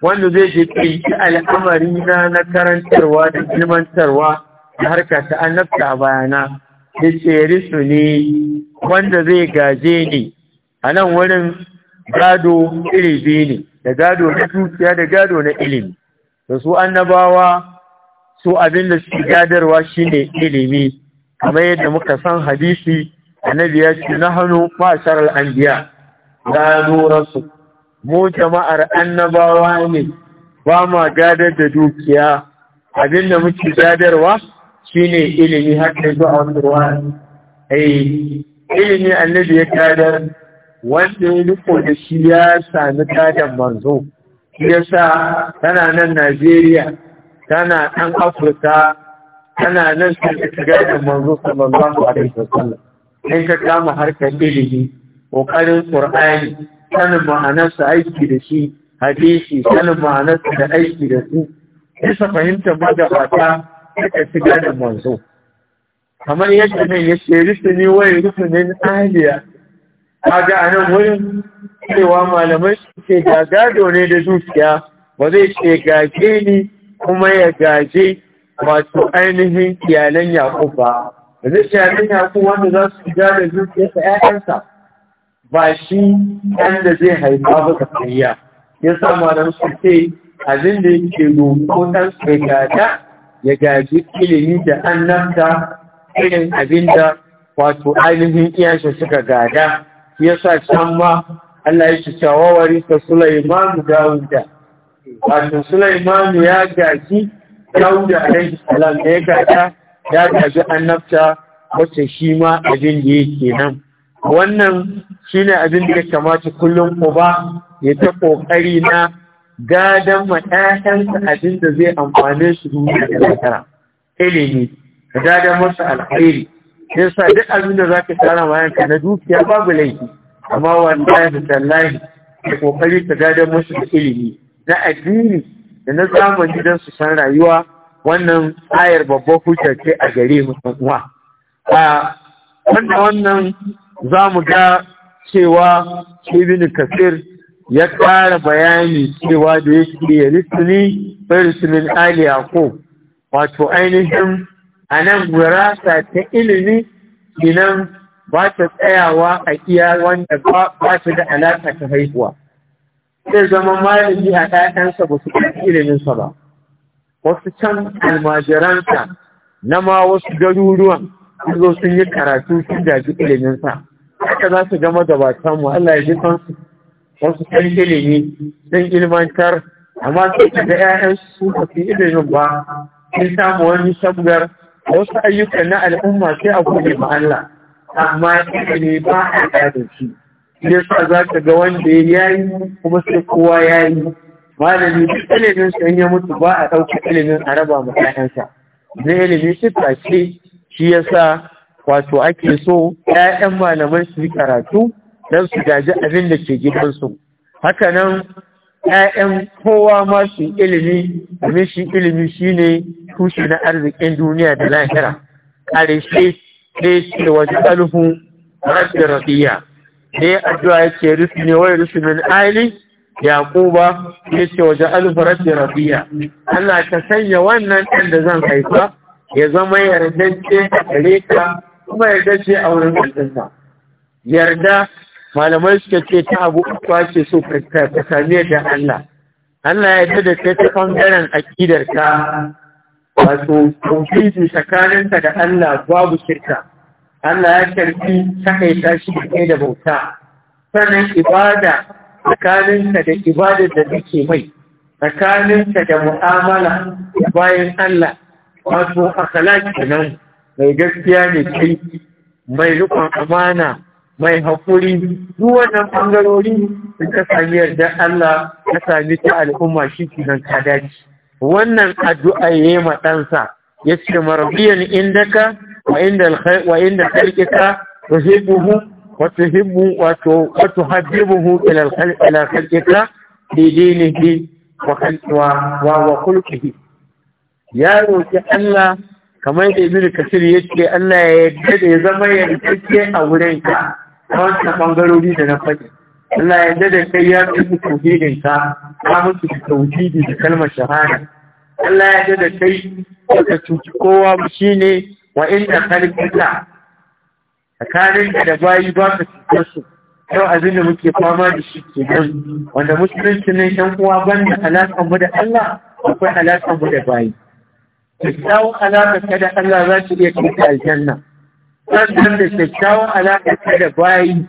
wanda zai jibinci al'amari na na karantarwa da ilmantarwa da harka ta annabta a bayana da su ne wanda zai gaje ni a nan wurin gado iri biyu ne da gado na dukiya da gado na ilimi da su annabawa su abin da suke gadarwa shine ilimi kamar yadda muka san hadisi annabi ya ce na hannu al-anbiya la nurasu mu jama'ar annabawa ne ba ma gadar da dukiya abin da muke gadarwa shine ilimi haka zuwa wani ruwa yi eh, ilimi annabi ya gadar wanda ya nufo da shi ya sami gadan manzo yasa tana nan Najeriya tana ɗan Afirka tana nan sai ta da manzo sallallahu alaihi wasallam in ka kama harkar ilimi ƙoƙarin Qur'ani sanin ma'anarsa aiki da shi hadisi sanin ma'anarsa da aiki da su bisa fahimtar fata suka shiga da manzo kamar yadda nan ya ce ne wai rufinin aliya kaga a nan wurin cewa malamai su ce ga gado ne da zuciya. ba zai ce gaje ni kuma ya gaje wato ainihin iyalan yaku ba da zai ce yaƙin yaƙub wanda za su shiga da zuciyarsa ‘ya'yansa ba shi ɗan da zai haifa ba ka tsariya ya sa malam su ce abin da yake roƙo ɗan ya gada ya gaji ilimi da annabta irin abinda wato ainihin iyashe suka gada Ya sa can ma Allah ya ce shawawari ta Sulaiman Dawuda wato Sulaiman ya gaji Dawuda alaihi salam ya gaji ya gaji annabta wacce shi ma abin da yake nan wannan shi ne abin da ya kamata kullum uba ya ta ƙoƙari na gadon ma ƴaƴansa abin da zai amfane su duniya da ilimi gadon masa alkhairi yasa duk abin da zaka tara bayan ka na dukiya babu laifi amma ya da lahi da kokari ta gadon musu da ilimi na addini da na zamani gidan su san rayuwa wannan ayar babbar hujja ce a gare mu uwa a wanda wannan za mu ga cewa ibn kasir ya kara bayani cewa da yake ya risini bai risinin ali ko wato ainihin a nan wurasa ta ilimi ginan ba ta tsayawa a iya wanda ba su da alaƙa ta haihuwa zai zama malami a ɗayansa ba su ɗan iliminsa ba wasu can almajiransa na ma wasu garuruwan zo sun yi karatu sun gaji iliminsa haka za su gama gabatan mu Allah ya ji kansu wasu ɗan ilimi sun ilmantar amma sai ka ga 'ya'yansu su ba ilimin ba sun samu wani shabgar wasu ayyukan na al'umma sai a gode ma Allah amma shi ne ba a da shi yasa za ka ga wanda ya yi kuma sai kowa ya yi malami duk ilimin sa ya mutu ba a ɗauki ilimin a raba ma ƴaƴansa na ilimi shi tashe shi yasa wato ake so 'ya'yan malamai su yi karatu don su gaji abin da ke gidansu haka nan ‘ya'yan kowa ma su ilimi, kuma shi ilimi shi ne tushe na arzikin duniya da lahira. Ƙarshe ne da wasu ƙalufu rabbi rafiya, Ne addu'a yake rufi ne wani rufi min ali yaƙuba ne ce wajen alhu rabbi rafiya, Allah ka sanya wannan ɗan da zan haifa ya zama yardacce a gare ka kuma a wurin Yarda malamai suka ce ta abu uku ce so ka sami yadda Allah Allah ya yarda da kai ta bangaren Ba ka wato kumfiji tsakaninka da Allah babu shirka Allah ya karfi ta shi da kai da bauta sannan ibada tsakaninka da ibada da take mai tsakaninka da mu'amala bayan Allah wato akhlaq nan mai gaskiya ne kai mai rikon amana mai haƙuri duk wannan ɓangarori da ta sami yardar Allah ta sami ta al'umma shi ke nan ka dace wannan addu'a ya yi ma ya ce marabiyan indaka wa inda kalkika wa hibbuhu wato tuhibbu wa tuhabbibuhu ila daidai ne dinihi wa kalkiwa wa kulkihi ya roƙi Allah kamar da ibnu kasir ce Allah ya yarda da ya zama yarda a wurinka ta ɓangarori da na faɗi Allah ya da kai ya fi su tauhidin ka ka musu tauhidi da kalmar shahada Allah ya da kai ka cuci kowa shi ne wa inda kalbita tsakanin da bayi ba ka cutar su yau abin da muke fama da shi ke nan wanda musulunci ne yan uwa banda alaƙar mu da Allah akwai alaƙar mu da bayi. Kyakkyawar alaƙar ka da Allah za ta iya cuta aljanna. sannan da kyakkyawan alaƙarka da bayi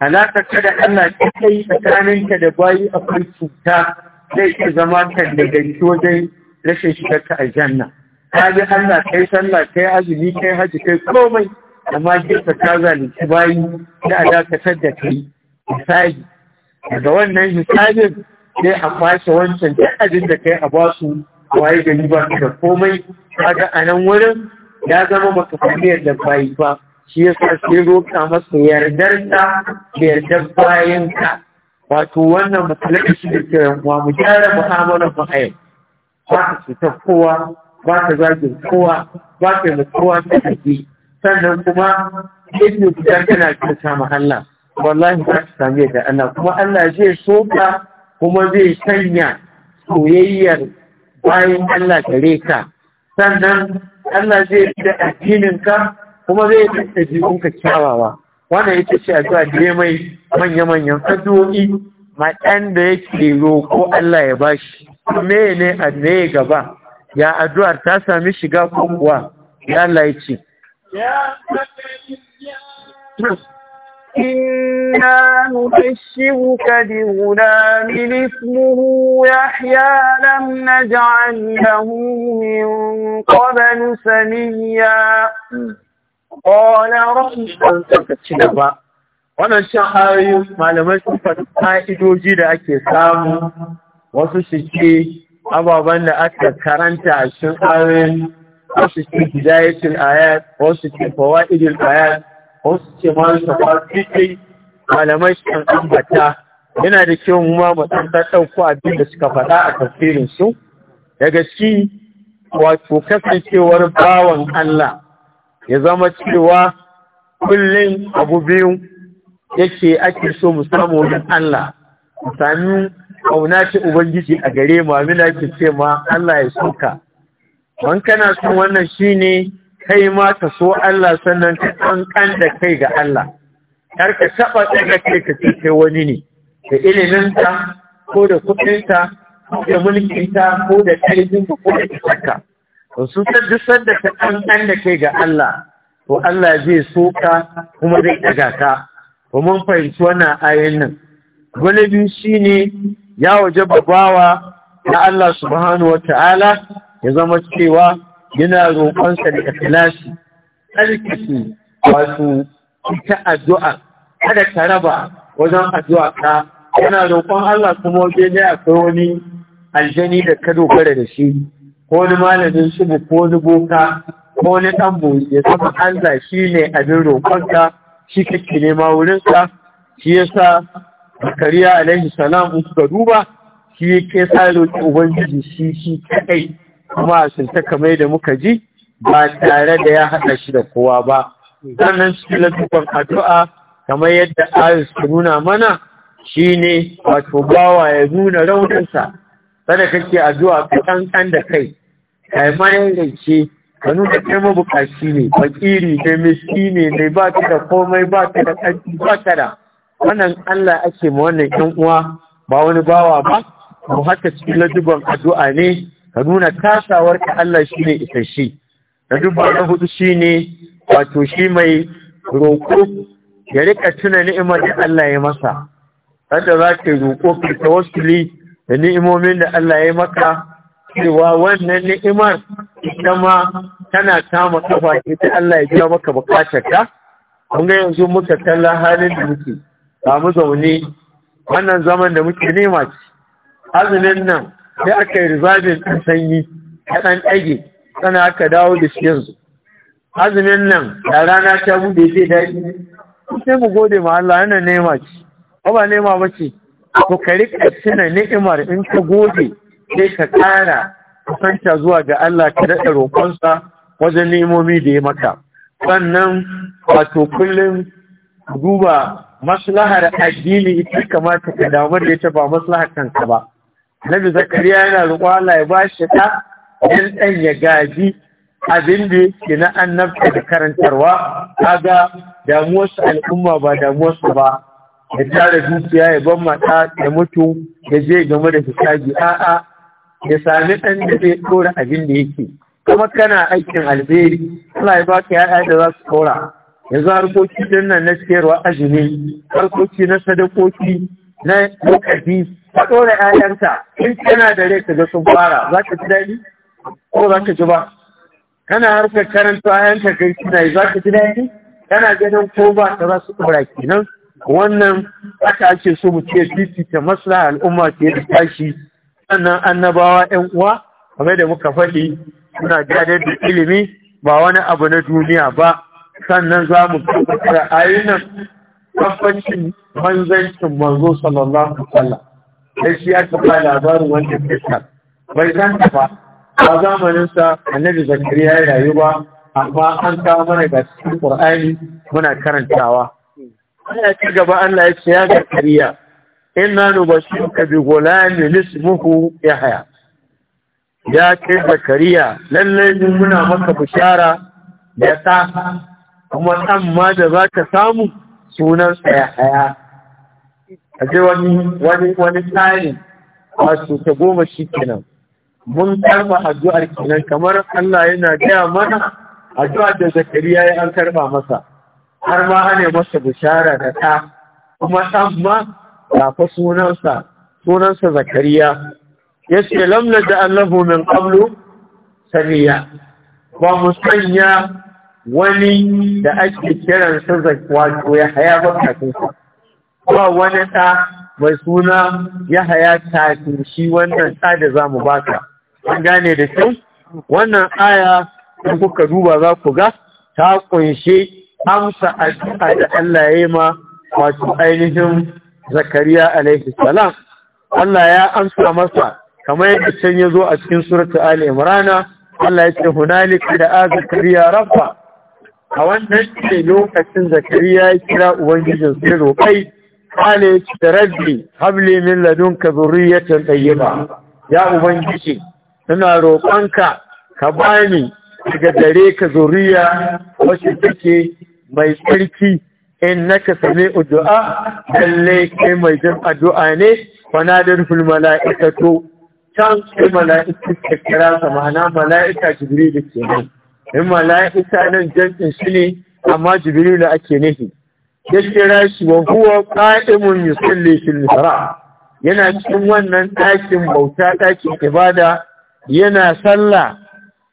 alaƙarka da Allah ta kai tsakaninka da bayi akwai cuta zai iya zama kan da gari wajen rashin shigar a janna ka ji Allah kai sallah kai azumi kai haji kai komai amma jika ka zalunci bayi da alaƙatar da kai misali daga wannan misalin sai a kwashe wancan duk abin da kai a basu waye gari ba da komai kaga a nan wurin ya zama baka faɗi yadda bayi ba shi ya sa sai roƙa masa yardar ta da yardar bayan ka. wato wannan matsalar shi da ke wa mu gyara mu'amalar mu yau ba ka cutar kowa ba ka zagin kowa ba ka yi kowa ta haƙi sannan kuma yadda guda tana kyauta ma wallahi za ka samu da Allah kuma Allah zai soka kuma zai sanya soyayyar bayan Allah gare ka sannan Allah zai yi da ka kuma zai yi da ka kyawawa wannan ita ce zuwa da mai manya-manyan addu'o'i maɗan da yake roƙo Allah ya bashi me ne a ne gaba ya addu'ar ta sami shiga ko kuwa ya Allah ce إنا نبشرك بغلام اسمه يحيى لم نجعل له من قبل سميا قال رب wannan shan hayoyi malamai sun faɗi fa'idoji da ake samu wasu su ce ababen da aka karanta a cikin ayoyin wasu ce hidayatul ayat wasu ce fawaidul ayat wasu ce ma su kai malamai kan ambata yana da kyau mu ma mu dan dauko abin da suka faɗa a tafsirin su Daga shi wato kasancewar bawan Allah ya zama cewa kullum abu biyu yake ake so mu samu wajen Allah mu sami kauna ce ubangiji a gare mu amina ke ce ma Allah ya suka wankana sun wannan shine kai ma ka so Allah sannan ka kankan da kai ga Allah kar ka taɓa daga kai ka ce kai wani ne da iliminka ko da kuɗinta, ko da ta, ko da ka ko da kisarka to su dusar da ka kankan da kai ga Allah Ko Allah zai so ka kuma zai daga ka Ko mun fahimci wannan ayin nan wani biyu shi ne ya waje babawa na Allah subhanahu ta'ala ya zama cewa yana roƙonsa da ikhlasi tsarkake wato ita addu'a kada ka raba wajen addu'a ka yana roƙon Allah kuma waje ne akwai wani aljani da ka dogara da shi ko wani malamin shubu ko wani boka ko wani ɗan ya zama Allah shi ne abin roƙonka shi kake nema wurinsa shi yasa Zakariya alaihi salam in suka duba shi yake sa roƙi Ubangiji shi shi kaɗai kuma a sunta kamar da muka ji ba tare da ya haɗa shi da kowa ba sannan cikin dukkan addu'a kamar yadda ayus ta nuna mana shi ne wato bawa ya nuna rauninsa sada kake addu'a ka kankan da kai ka yi maringace ka nuna kai mabukaci ne fakiri ne miskini ne ba ta da komai ba ta da ƙarfi ba ta da wannan Allah ake ma wannan 'yan uwa ba wani bawa ba mu haka cikin ladubar addu'a ne ka nuna kasawar ka Allah shi ne isasshe na dubba na hudu shi ne wato shi mai roƙo ya rika tuna ni'imar da Allah ya masa kada za ka roƙo ka tawassuli da ni'imomin da Allah ya maka cewa wannan ni'imar ita ma tana kama kafa ita Allah ya biya maka bukatar ka kun ga yanzu muka kalla halin da muke ba mu zaune wannan zaman da muke nema ce azumin nan sai aka yi rizabin ɗan sanyi ya ɗan ɗage sana aka dawo da shi yanzu azumin nan da rana ta bude sai daɗi sai mu gode ma Allah yana nema ci ba ba nema ba ce ku kari rika tuna ni'imar in ka gode sai ka ƙara kusanta zuwa ga Allah ka daɗa roƙonsa wajen nemomi da ya maka sannan wato kullum duba maslahar addini ita kamata ka damar da ita ba maslahar kanka ba Nabi Zakariya yana roƙon Allah ya ba shi ta. ɗan ɗan ya gaji abin da yake na annabta da karantarwa kaga damuwarsu al'umma ba damuwarsu ba ya tara dukiya ya ban mata ya mutu ya je game da hisabi a'a ya sami ɗan da zai ɗora abin da yake kuma kana aikin alheri Allah ya baka ya'ya da za su ɗora yanzu harkoki din nan na siyarwa azumi harkoki na sadakoki na lokaci ka da ‘ya'yanta in kana da rai ka ga sun fara za ka ji daɗi ko za ka ji ba kana harkar karanta ‘ya'yanta kai suna yi za ka ji daɗi kana ganin ko ba ta za su ɗora kenan wannan haka ake so mu ce fifita maslaha al'umma ke da tashi sannan annabawa ‘yan uwa kamar da muka faɗi suna gadar da ilimi ba wani abu na duniya ba sannan za mu tabbatar ayyukan tabbacin manzancin manzo sallallahu alaihi wasallam sai shi ya kafa labarin wanda kisa bai san ba a zamaninsa annabi zakariya ya rayu ba amma an kawo mana ga cikin qur'ani muna karantawa ana ci gaba Allah ya ce ya zakariya inna nubashiruka bi ghulamin ismuhu yahya ya kai zakariya lallai muna maka bishara da ta kuma ɗan ma da za ka samu sunansa ya haya a ji wani wani tsarin ta goma shi kenan mun karba addu'ar kenan kamar Allah yana gaya mana addu'ar da zakariya ya an karba masa har ma ana masa bishara da ta kuma san ma ga fa sunansa sunansa zakariya ya ce lamna da annahu min qablu sariya ba mu sanya wani da ake kiransa wato ya haya makasinsa ba wani ɗa mai suna ya haya kafin shi wannan ɗa da za mu baka an gane da kyau wannan aya in kuka duba za ku ga ta kunshe amsa addu'a da Allah ya yi ma wato ainihin zakariya alaihi salam Allah ya amsa masa kamar yadda can ya zo a cikin suratu al Imrana Allah ya ce hunalika da a zakariya rabba a wannan ne lokacin zakariya ya kira ubangijin sai roƙai kale da rabbi hable min ladunka tayyiba ya ubangiji ina roƙonka ka bani daga dare ka zuriya wacce take mai tsarki innaka same udu'a lalle kai mai jin addu'a ne fanadar fil mala'ikatu can kai mala'ika kira sama na mala'ika jibril kenan in mala'ika nan jantin shi ne amma jibrilu ake nufi yake Rashi, shi wa huwa qa'imun yusalli fil yana cikin wannan ɗakin bauta ɗakin ibada yana sallah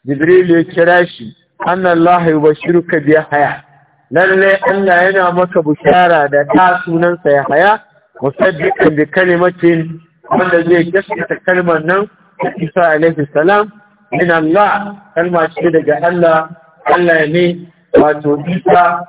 jibrilu ya kira shi annallahi yubashiruka bi haya lalle Allah yana maka bushara da ta sunansa ya haya musaddiqan bi kalimatin wanda zai gaskata kalmar nan Isa alaihi salam min Allah kalma ce daga Allah Allah ne wato bisa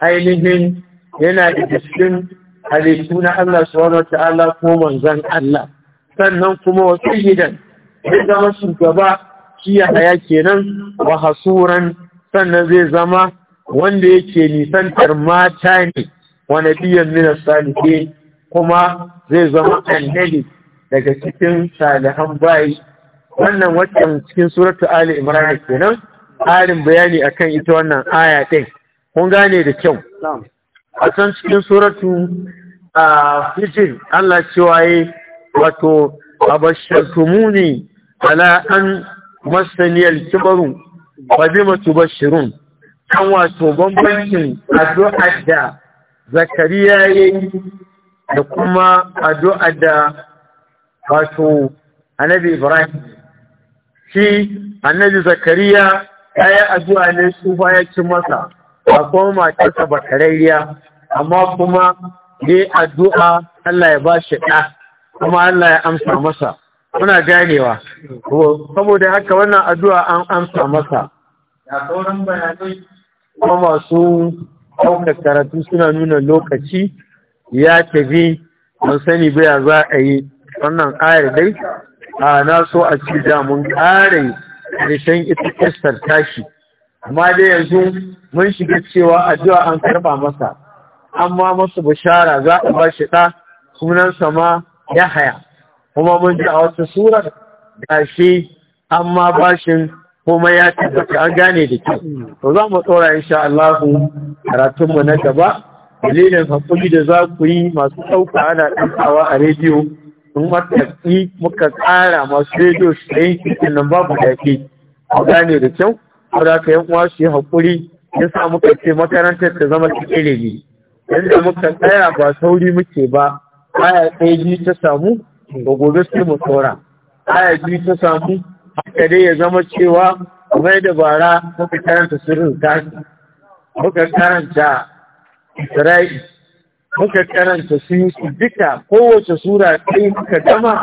ainihin yana da cikin halittu na Allah subhanahu wata'ala ko manzon Allah sannan kuma wa sayyidan zai zama shugaba shi ya haya kenan wa hasuran sannan zai zama wanda yake nisantar mata ne wa nabiyyan min salihin kuma zai zama annabi daga cikin salihan bayi wannan waccan cikin suratu Ali Imran kenan ƙarin bayani akan ita wannan aya ɗin kun gane da kyau a can cikin suratu a fijin Allah cewa yi wato ne ala an masaniyar kibaru ba matu bashirun kan wato bambancin addu'a da zakariya ya yi da kuma addu'a da wato annabi ibrahim shi annabi zakariya ya yi addu'a ne su ya ci masa a kuma matarsa ba amma kuma ne addu'a Allah ya ba shi ɗa kuma Allah ya amsa masa muna ganewa saboda haka wannan addu'a an amsa masa Ya bayanai kuma masu ɗauka karatu suna nuna lokaci ya tafi mun sani baya za a yi wannan ayar dai a na so a ci da mun ƙare ƙarshen ita kastar tashi amma dai yanzu mun shiga cewa addu'a an karɓa masa amma masu bishara za a ba shi ɗa sunansa sama ya haya kuma mun ji a wata surar gashi amma bashin kuma ya tabbata an gane da kyau to za mu tsora insha Allahu! karatunmu na gaba dalilin hakuri da za ku yi masu ɗauka ana ɗaukawa a rediyo sun muka muka ƙara masu rediyo su yi cikin nan babu daɗi a ne da kyau ko da ka uwa su yi haƙuri ya sa muka ce makarantar ta zama ta ilimi yadda muka tsaya ba sauri muke ba aya ɗaya biyu ta samu da gobe sai mu tsora aya biyu ta samu haka dai ya zama cewa kamar da bara muka karanta sirrin tashi muka karanta muka karanta sun su duka kowace sura ɗaya muka gama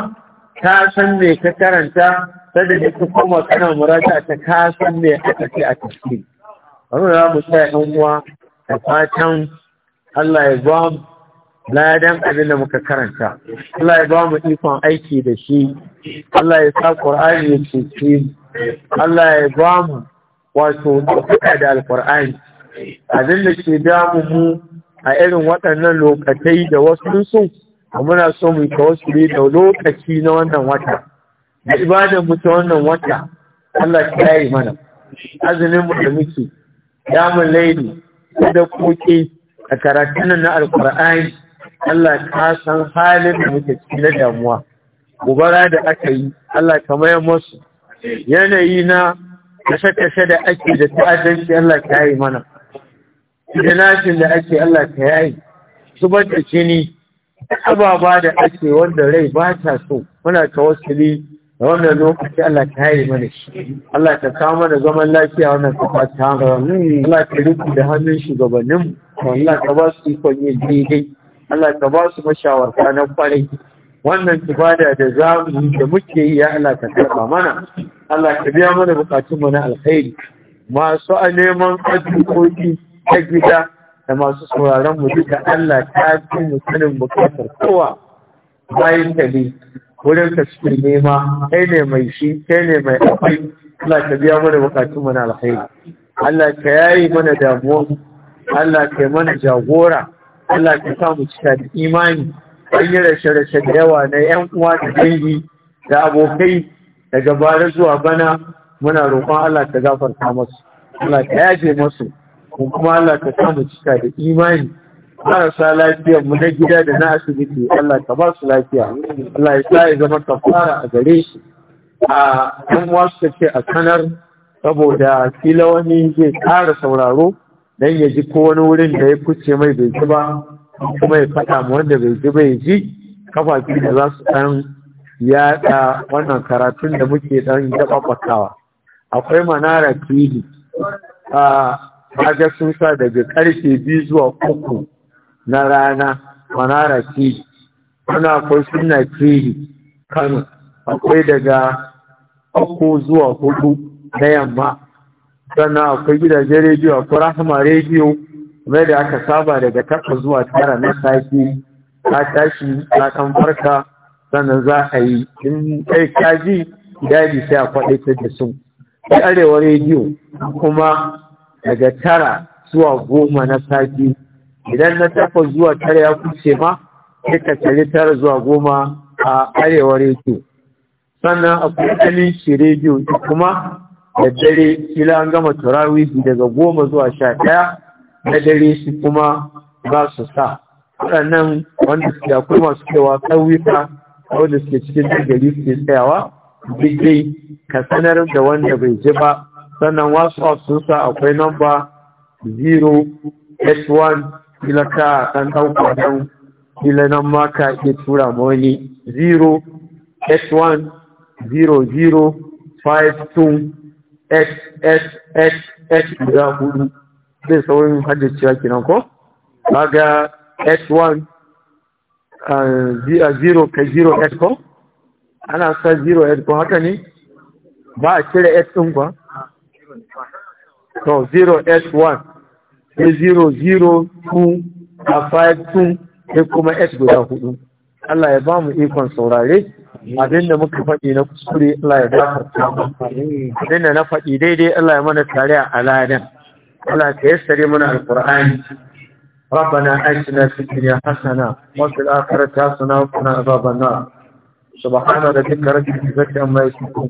ka san me ka karanta sada da koma kana murata ta ka san me aka ce a tafi. bari za mu tsaya 'yan uwa da fatan Allah ya ba mu ladan abin da muka karanta Allah ya ba mu ikon aiki da shi Allah ya sa Qur'ani ya cece Allah ya ba mu wato da da al abin da ke damu mu a irin waɗannan lokacai da wasu a muna so mu ka ne da lokaci na wannan wata da ibadan mu ta wannan wata Allah ya yi mana azumin mu da muke ya mu laili da koke a karatun na alkur'ani Allah ka san halin da muke ciki na damuwa gobara da aka yi Allah ka mayar musu yanayi na kashe-kashe da ake da ta'adanci Allah ta yi mana jinashin da ake Allah ta yayi zubar da jini ababa da ake wanda rai ba ta so muna tawassuli da wannan lokaci Allah ta yayi mana shi Allah ta samu mana zaman lafiya wannan kafa ta Allah ta rufe da hannun shugabannin Allah ta ba su ikon yin daidai Allah ta ba su mashawarta na kwarai wannan ibada da za mu yi da muke yi ya Allah ta karɓa mana Allah ta biya mana bukatun mu na alkhairi masu a neman addu'o'i ta gida da masu sauraron mu duka Allah ta fi mu sanin bukatar kowa bayan ta ne wurin ka cikin nema kai ne mai shi kai ne mai akwai Allah ka biya mana mu na alkhairi Allah ka yayi mana damuwa Allah ka mana jagora Allah ka sa mu cika da imani an yi rashe-rashe da yawa na yan uwa da dangi da abokai daga bara zuwa bana muna roƙon Allah ka gafarta masu Allah ka yaje masu ko kuma Allah ka sa mu cika da imani marasa lafiyar mu na gida da na asibiti Allah ka ba su lafiya Allah ya sa ya zama kafara a gare shi a kan wasu ce a sanar saboda kila wani zai ƙara sauraro dan ya ji ko wani wurin da ya kuce mai bai ji ba kuma ya faɗa mu wanda bai ji bai ji kafafi da za su ɗan yaɗa wannan karatun da muke ɗan jaɓaɓɓakawa akwai manara fili. a kaga sun sa daga karfe biyu zuwa uku na rana manara tv wani akwai suna tv kano akwai daga uku zuwa hudu na yamma sannan akwai gidajen rediyo akwai rahama rediyo mai da aka saba daga takwas zuwa tara na safe ka tashi ka kan farka sannan za a yi in kai kaji daji sai a kwaɗe ta da su arewa rediyo kuma daga tara zuwa goma na sati idan na takwas zuwa tara ya kuce ma sai ka tare tara zuwa goma a arewa rediyo sannan akwai kalin shi rediyo kuma da dare kila an gama turawihi daga goma zuwa sha ɗaya na dare shi kuma ba su sa waɗannan wanda suke akwai masu cewa tsawika wanda suke cikin gari suke tsayawa duk dai ka sanar da wanda bai ji ba sannan whatsapp sun sa akwai namba 081 kila ka ɗan ɗauka ɗan kila nan ma ka ke tura ma wani 081 00 52 xxxx guda hudu zai saurin hajji haddacewa kenan ko? kaga x1 0 ka 0 x ko? ana sa 0 x ko haka ne? ba a cire x ɗin kwa? to 081 sai 002 a 52 sai kuma s guda huɗu, Allah ya ba mu ikon saurare abinda muka faɗi na kuskure Allah ya dafa abinda na faɗi daidai Allah ya mana tare a aladan Allah ka yassare mana alqur'ani ربنا آتنا في الدنيا حسنة وفي الآخرة حسنة وقنا عذاب النار سبحان ربك رب العزة عما يصفون